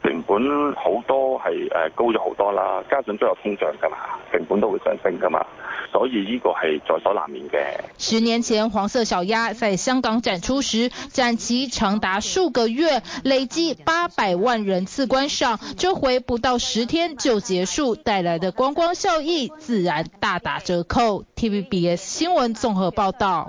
成本好多係誒高咗好多啦，加上都有通脹噶嘛，成本都會上升噶嘛，所以呢個係在所難免嘅。十年前黃色小鴨在香港展出時，展期長達數個月，累積八百萬人次觀賞，這回不到十天就結束，帶來的觀光效益自然大打折扣。TVBS 新聞綜合報道。